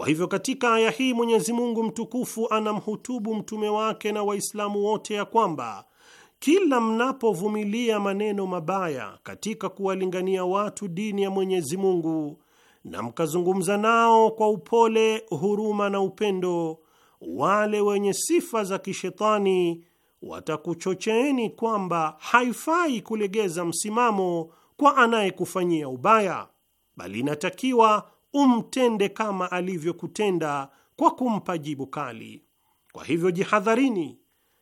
S6: Kwa hivyo katika aya hii Mwenyezi Mungu mtukufu anamhutubu mtume wake na Waislamu wote ya kwamba kila mnapovumilia maneno mabaya katika kuwalingania watu dini ya Mwenyezi Mungu na mkazungumza nao kwa upole, huruma na upendo, wale wenye sifa za kishetani watakuchocheeni kwamba haifai kulegeza msimamo kwa anayekufanyia ubaya, bali inatakiwa umtende kama alivyokutenda kwa kumpa jibu kali. Kwa hivyo jihadharini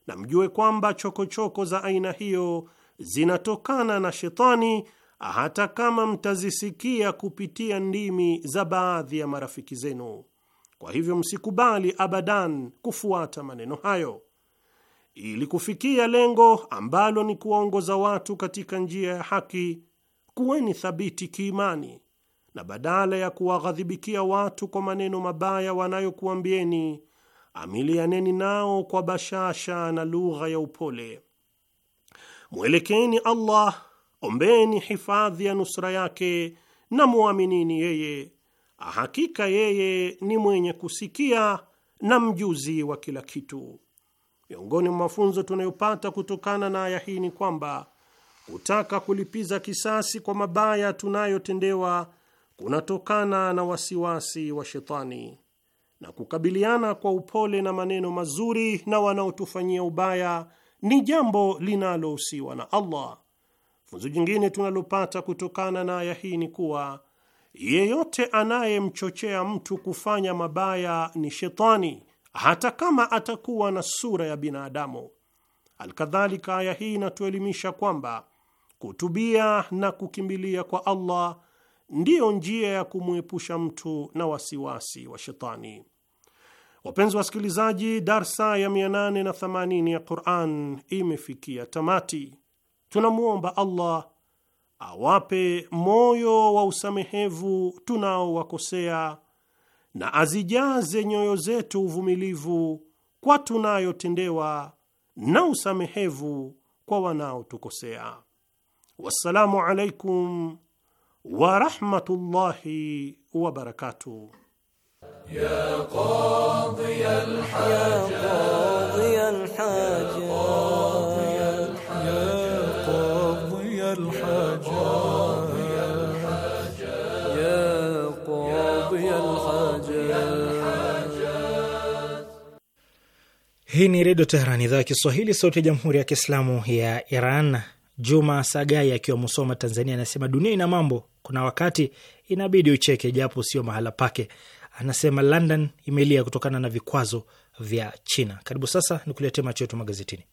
S6: na mjue kwamba chokochoko za aina hiyo zinatokana na shetani, hata kama mtazisikia kupitia ndimi za baadhi ya marafiki zenu. Kwa hivyo msikubali abadan kufuata maneno hayo. Ili kufikia lengo ambalo ni kuwaongoza watu katika njia ya haki, kuweni thabiti kiimani na badala ya kuwaghadhibikia watu kwa maneno mabaya wanayokuambieni, amilianeni nao kwa bashasha na lugha ya upole. Mwelekeni Allah, ombeni hifadhi ya nusra yake na mwaminini yeye, hakika yeye ni mwenye kusikia na mjuzi wa kila kitu. Miongoni mwa mafunzo tunayopata kutokana na aya hii ni kwamba kutaka kulipiza kisasi kwa mabaya tunayotendewa kunatokana na wasiwasi wa shetani, na kukabiliana kwa upole na maneno mazuri na wanaotufanyia ubaya ni jambo linalohusiwa na Allah. Funzo jingine tunalopata kutokana na aya hii ni kuwa yeyote anayemchochea mtu kufanya mabaya ni shetani, hata kama atakuwa na sura ya binadamu. Alkadhalika, aya hii inatuelimisha kwamba kutubia na kukimbilia kwa Allah ndiyo njia ya kumwepusha mtu na wasiwasi wa shetani. Wapenzi wasikilizaji, darsa ya 880 ya Quran imefikia tamati. Tunamwomba Allah awape moyo wa usamehevu tunaowakosea na azijaze nyoyo zetu uvumilivu kwa tunayotendewa na usamehevu kwa wanaotukosea. Wassalamu alaikum wa rahmatullahi wa barakatuh.
S4: Hii ni Redio Teheran, idhaa ya Kiswahili, sauti ya Jamhuri ya Kiislamu ya Iran. Juma Sagai akiwa Musoma, Tanzania, anasema dunia ina mambo kuna wakati inabidi ucheke, japo sio mahala pake. Anasema London imelia kutokana na vikwazo vya China. Karibu sasa ni kulete macho yetu magazetini.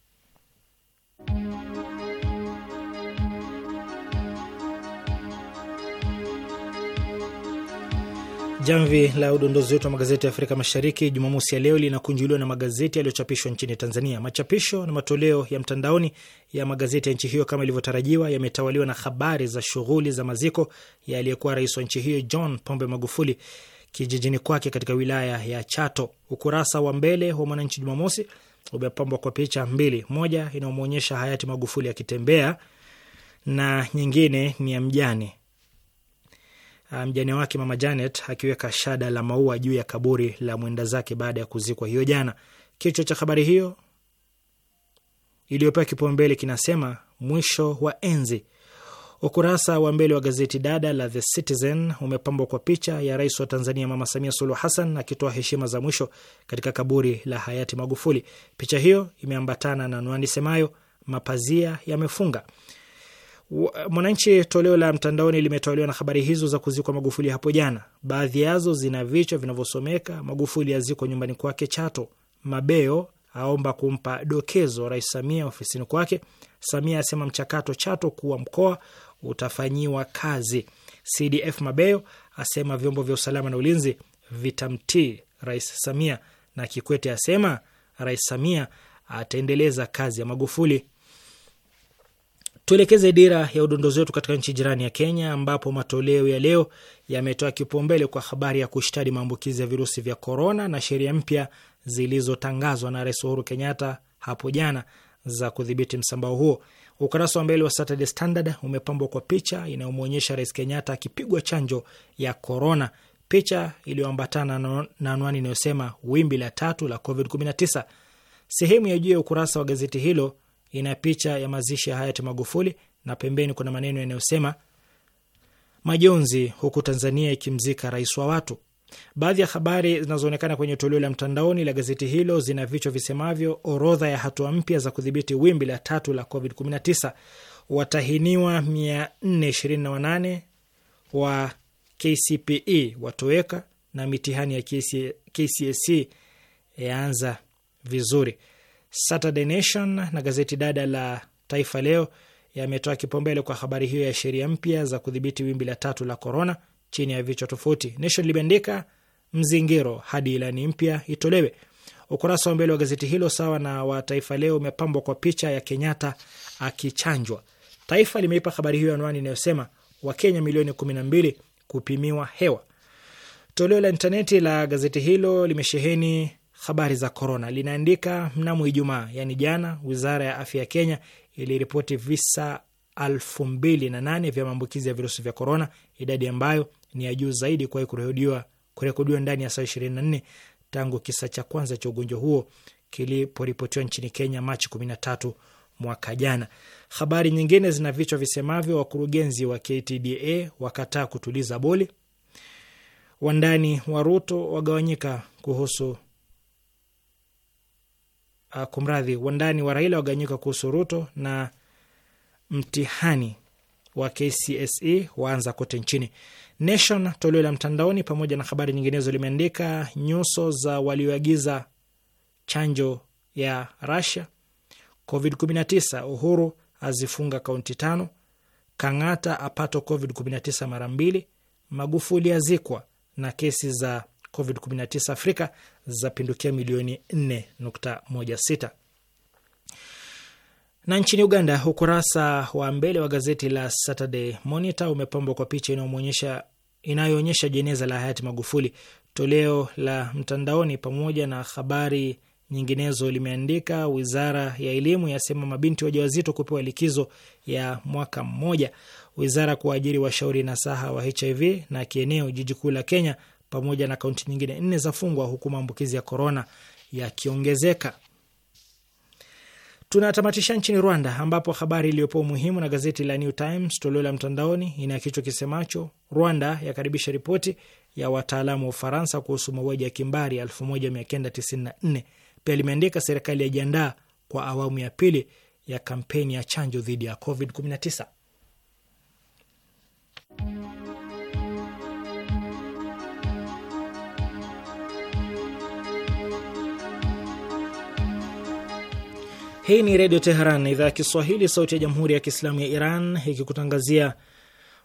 S4: Jamvi la udondozi wetu wa magazeti ya Afrika Mashariki Jumamosi ya leo linakunjuliwa na magazeti yaliyochapishwa nchini Tanzania. Machapisho na matoleo ya mtandaoni ya magazeti ya nchi hiyo kama ilivyotarajiwa yametawaliwa na habari za shughuli za maziko ya aliyekuwa rais wa nchi hiyo John Pombe Magufuli kijijini kwake katika wilaya ya Chato. Ukurasa wa mbele wa Mwananchi Jumamosi umepambwa kwa picha mbili, moja inayomwonyesha hayati Magufuli akitembea na nyingine ni ya mjane Ah, mjane wake mama Janet akiweka shada la maua juu ya kaburi la mwenda zake baada ya kuzikwa hiyo jana. Kichwa cha habari hiyo iliyopewa kipaumbele kinasema mwisho wa enzi. Ukurasa wa mbele wa gazeti dada la The Citizen umepambwa kwa picha ya rais wa Tanzania Mama Samia Suluhu Hassan akitoa heshima za mwisho katika kaburi la hayati Magufuli. Picha hiyo imeambatana na anwani semayo mapazia yamefunga. Mwananchi toleo la mtandaoni limetawaliwa na habari hizo za kuzikwa Magufuli hapo jana. Baadhi yazo zina vichwa vinavyosomeka: Magufuli azikwa nyumbani kwake Chato, Mabeo aomba kumpa dokezo Rais Samia ofisini kwake, Samia asema mchakato Chato kuwa mkoa utafanyiwa kazi, CDF Mabeo asema vyombo vya usalama na ulinzi vitamtii Rais Samia, na Kikwete asema Rais Samia ataendeleza kazi ya Magufuli. Tuelekeze dira ya udondozi wetu katika nchi jirani ya Kenya, ambapo matoleo ya leo yametoa kipaumbele kwa habari ya kushtadi maambukizi ya virusi vya korona na sheria mpya zilizotangazwa na Rais Uhuru Kenyatta hapo jana za kudhibiti msambao huo. Ukurasa wa mbele wa Saturday Standard umepambwa kwa picha inayomwonyesha Rais Kenyatta akipigwa chanjo ya korona, picha iliyoambatana na anwani inayosema wimbi la tatu la COVID-19. Sehemu ya juu ya ukurasa wa gazeti hilo ina picha ya mazishi ya hayati Magufuli na pembeni kuna maneno yanayosema majonzi, huku Tanzania ikimzika rais wa watu. Baadhi ya habari zinazoonekana kwenye toleo la mtandaoni la gazeti hilo zina vichwa visemavyo: orodha ya hatua mpya za kudhibiti wimbi la tatu la COVID-19, watahiniwa 428 wa KCPE watoweka, na mitihani ya KCSE yaanza vizuri. Saturday Nation na gazeti dada la Taifa Leo yametoa kipaumbele kwa habari hiyo ya sheria mpya za kudhibiti wimbi la tatu la korona chini ya vichwa tofauti. Nation limeandika mzingiro hadi ilani mpya itolewe. Ukurasa wa mbele wa gazeti hilo sawa na wa Taifa Leo umepambwa kwa picha ya Kenyatta akichanjwa. Taifa limeipa habari hiyo anwani inayosema Wakenya milioni kumi na mbili kupimiwa hewa. Toleo la intaneti la gazeti hilo limesheheni habari za korona linaandika mnamo Ijumaa yani jana, wizara ya afya ya Kenya iliripoti visa elfu mbili na nane vya maambukizi ya virusi vya korona, idadi ambayo ni ya juu zaidi kuwahi kurekodiwa kurekodiwa ndani ya saa ishirini na nne tangu kisa cha kwanza cha ugonjwa huo kiliporipotiwa nchini Kenya Machi kumi na tatu mwaka jana. Habari nyingine zina vichwa visemavyo: wakurugenzi wa KTDA wakataa kutuliza boli, wandani wa Ruto wagawanyika kuhusu uh, kumradhi, wandani wa Raila waganyika kuhusu Ruto na mtihani wa KCSE waanza kote nchini. Nation toleo la mtandaoni pamoja na habari nyinginezo limeandika nyuso za walioagiza chanjo ya Russia, COVID-19, Uhuru azifunga kaunti tano, Kang'ata apato COVID-19 mara mbili, Magufuli azikwa na kesi za COVID-19 Afrika zapindukia milioni 4.16. Na nchini Uganda, ukurasa wa mbele wa gazeti la Saturday Monitor umepambwa kwa picha inayomwonyesha inayoonyesha jeneza la hayati Magufuli. Toleo la mtandaoni pamoja na habari nyinginezo limeandika, wizara ya elimu yasema mabinti wajawazito kupewa likizo ya mwaka mmoja, wizara kuajiri washauri na saha wa HIV na kieneo, jiji kuu la Kenya pamoja na kaunti nyingine nne zafungwa huku maambukizi ya korona yakiongezeka. Tunatamatisha nchini Rwanda, ambapo habari iliyopewa umuhimu na gazeti la New Times toleo la mtandaoni ina kichwa kisemacho Rwanda yakaribisha ripoti ya wataalamu wa Ufaransa kuhusu mauaji ya kimbari 1994. Pia limeandika serikali yajiandaa kwa awamu ya pili ya kampeni ya chanjo dhidi ya COVID-19. Hii ni Redio Teheran na idhaa ya Kiswahili, sauti ya Jamhuri ya Kiislamu ya Iran ikikutangazia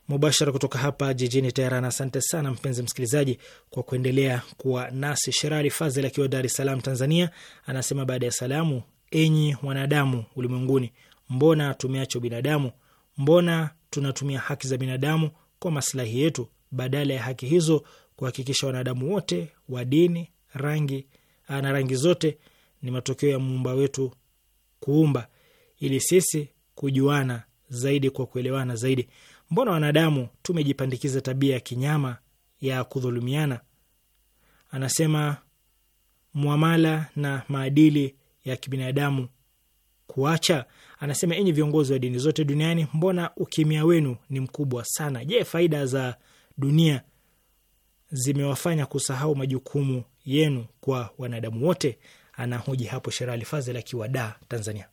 S4: mubashara kutoka hapa jijini Teheran. Asante sana mpenzi msikilizaji kwa kuendelea kuwa nasi. Sherali Fazel akiwa Dar es Salaam, Tanzania, anasema baada ya salamu, enyi wanadamu ulimwenguni, mbona tumeacha binadamu? Mbona tunatumia haki za binadamu kwa maslahi yetu badala ya haki hizo kuhakikisha wanadamu wote wa dini rangi na rangi zote ni matokeo ya muumba wetu kuumba ili sisi kujuana zaidi kwa kuelewana zaidi. Mbona wanadamu tumejipandikiza tabia ya kinyama ya kudhulumiana? Anasema mwamala na maadili ya kibinadamu kuacha. Anasema enyi viongozi wa dini zote duniani, mbona ukimya wenu ni mkubwa sana? Je, faida za dunia zimewafanya kusahau majukumu yenu kwa wanadamu wote? anahoji hapo Sherali Fazil akiwa Da, Tanzania.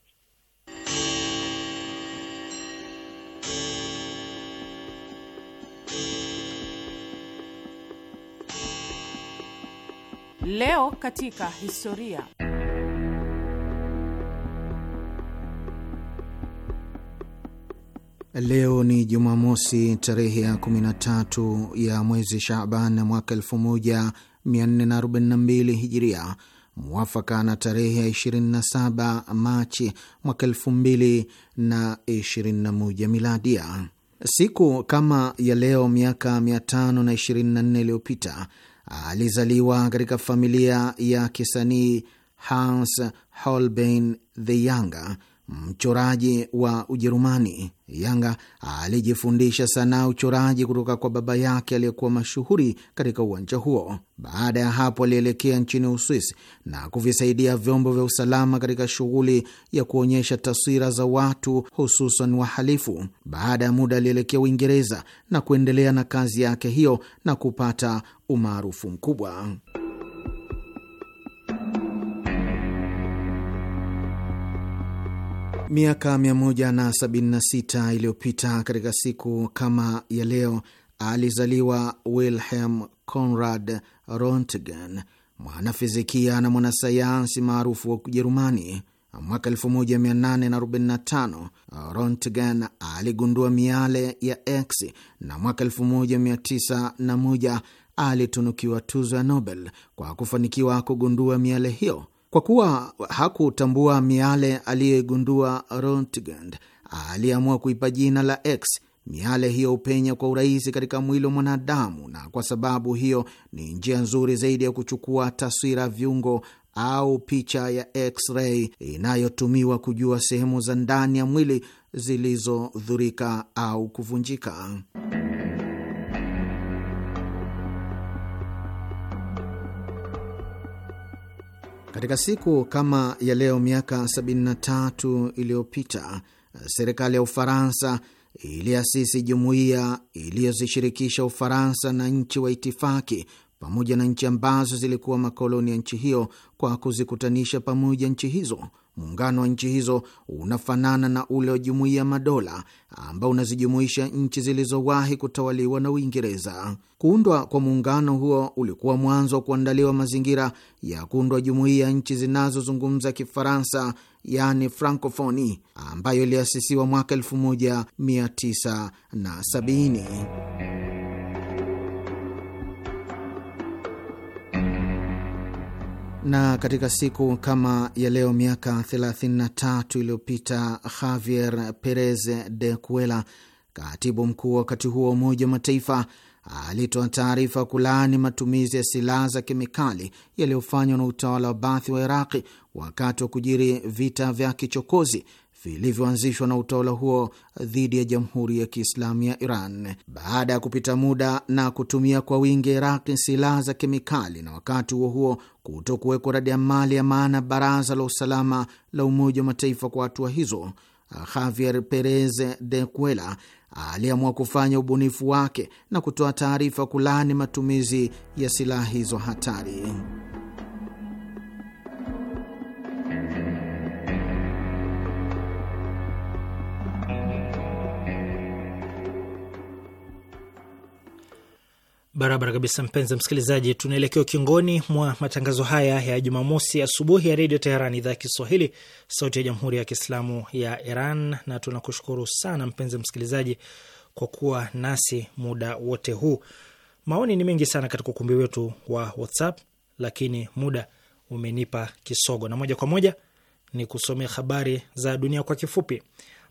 S3: Leo katika historia.
S7: Leo ni Jumamosi tarehe ya 13 ya mwezi Shaban mwaka 1442 Hijiria, mwafaka na tarehe ya 27 Machi mwaka 2021 miladia. Siku kama ya leo miaka 524 iliyopita alizaliwa katika familia ya kisanii Hans Holbein the Younger mchoraji wa Ujerumani. Yanga alijifundisha sanaa uchoraji kutoka kwa baba yake aliyekuwa mashuhuri katika uwanja huo. Baada ya hapo, alielekea nchini Uswisi na kuvisaidia vyombo vya usalama katika shughuli ya kuonyesha taswira za watu, hususan wahalifu. Baada ya muda, alielekea Uingereza na kuendelea na kazi yake hiyo na kupata umaarufu mkubwa. Miaka 176 iliyopita katika siku kama ya leo alizaliwa Wilhelm Conrad Rontgen, mwanafizikia na mwanasayansi maarufu wa Ujerumani. Mwaka 1845 Rontgen aligundua miale ya X na mwaka 1901 alitunukiwa tuzo ya Nobel kwa kufanikiwa kugundua miale hiyo. Kwa kuwa hakutambua miale aliyoigundua Rontgen, aliamua kuipa jina la X. Miale hiyo hupenya kwa urahisi katika mwili wa mwanadamu, na kwa sababu hiyo ni njia nzuri zaidi ya kuchukua taswira viungo au picha ya X-ray inayotumiwa kujua sehemu za ndani ya mwili zilizodhurika au kuvunjika. Katika siku kama ya leo miaka 73 iliyopita serikali ya Ufaransa iliasisi jumuiya iliyozishirikisha Ufaransa na nchi wa itifaki pamoja na nchi ambazo zilikuwa makoloni ya nchi hiyo kwa kuzikutanisha pamoja nchi hizo Muungano wa nchi hizo unafanana na ule wa Jumuiya Madola ambao unazijumuisha nchi zilizowahi kutawaliwa na Uingereza. Kuundwa kwa muungano huo ulikuwa mwanzo wa kuandaliwa mazingira ya kuundwa jumuiya ya nchi zinazozungumza Kifaransa, yani Frankofoni, ambayo iliasisiwa mwaka 1970. Na katika siku kama ya leo miaka 33 iliyopita Javier Perez de Cuela, katibu mkuu wa wakati huo wa Umoja wa Mataifa, alitoa taarifa kulaani matumizi ya silaha za kemikali yaliyofanywa na utawala wa Baathi wa Iraqi wakati wa kujiri vita vya kichokozi vilivyoanzishwa na utawala huo dhidi ya Jamhuri ya Kiislamu ya Iran. Baada ya kupita muda na kutumia kwa wingi Iraqi silaha za kemikali, na wakati huo huo kuto kuwekwa radi ya mali ya maana Baraza la Usalama la Umoja wa Mataifa kwa hatua hizo, Javier Perez de Cuela aliamua kufanya ubunifu wake na kutoa taarifa kulaani matumizi ya silaha hizo hatari.
S4: Barabara kabisa, mpenzi msikilizaji, tunaelekea ukingoni mwa matangazo haya ya Jumamosi asubuhi ya redio Teheran, idhaa ya Kiswahili, sauti ya jamhuri ya kiislamu ya Iran, na tunakushukuru sana mpenzi msikilizaji kwa kuwa nasi muda wote huu. Maoni ni mengi sana katika ukumbi wetu wa WhatsApp, lakini muda umenipa kisogo, na moja kwa moja ni kusomea habari za dunia kwa kifupi.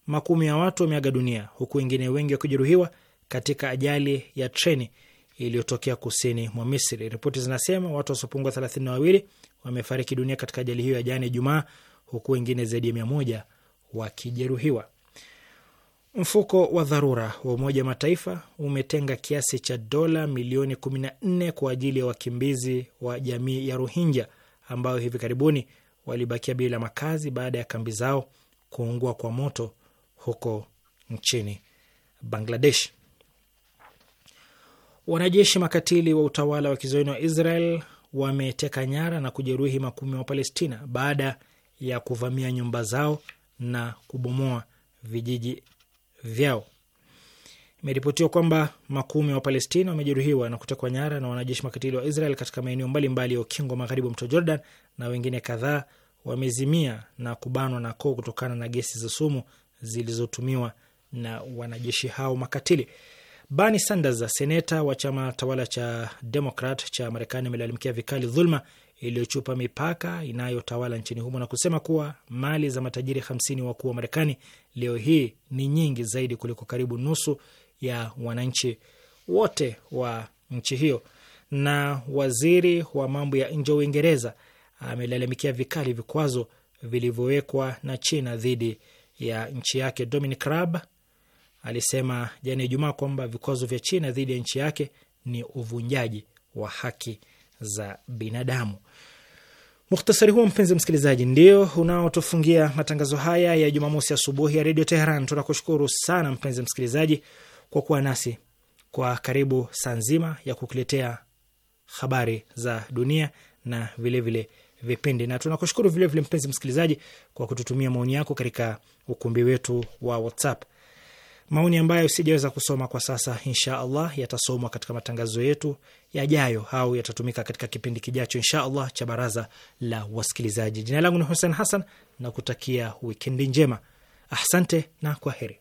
S4: Makumi ya watu wameaga dunia huku wengine wengi wakijeruhiwa katika ajali ya treni iliyotokea kusini mwa Misri. Ripoti zinasema watu wasiopungua thelathini na wawili wamefariki dunia katika ajali hiyo ya jana Ijumaa, huku wengine zaidi ya mia moja wakijeruhiwa. Mfuko wa dharura wa Umoja wa Mataifa umetenga kiasi cha dola milioni 14 kwa ajili ya wakimbizi wa jamii ya Rohingya ambao hivi karibuni walibakia bila makazi baada ya kambi zao kuungua kwa moto huko nchini Bangladesh. Wanajeshi makatili wa utawala wa kizayuni wa Israel wameteka nyara na kujeruhi makumi wa Palestina baada ya kuvamia nyumba zao na kubomoa vijiji vyao. Imeripotiwa kwamba makumi wa Palestina wamejeruhiwa na kutekwa nyara na wanajeshi makatili wa Israel katika maeneo mbalimbali ya ukingo wa magharibi wa mto Jordan, na wengine kadhaa wamezimia na kubanwa na koo kutokana na gesi za sumu zilizotumiwa na wanajeshi hao makatili. Bernie Sanders, seneta wa chama tawala cha Demokrat cha Marekani, amelalamikia vikali dhulma iliyochupa mipaka inayotawala nchini humo na kusema kuwa mali za matajiri 50 wakuu wa Marekani leo hii ni nyingi zaidi kuliko karibu nusu ya wananchi wote wa nchi hiyo. Na waziri wa mambo ya nje wa Uingereza amelalamikia vikali vikwazo vilivyowekwa na China dhidi ya nchi yake. Dominic Raab alisema jana Ijumaa kwamba vikwazo vya China dhidi ya nchi yake ni uvunjaji wa haki za binadamu. Mukhtasari huo mpenzi msikilizaji, ndio unaotufungia matangazo haya ya Jumamosi asubuhi ya redio Teheran. Tunakushukuru sana mpenzi msikilizaji kwa kuwa nasi kwa karibu saa nzima ya kukuletea habari za dunia na vilevile vile vipindi na tunakushukuru vilevile mpenzi msikilizaji kwa kututumia maoni yako katika ukumbi wetu wa WhatsApp maoni ambayo sijaweza kusoma kwa sasa, insha allah yatasomwa katika matangazo yetu yajayo au yatatumika katika kipindi kijacho insha allah cha baraza la wasikilizaji. Jina langu ni Hussein Hassan na kutakia wikendi njema. Asante na kwa heri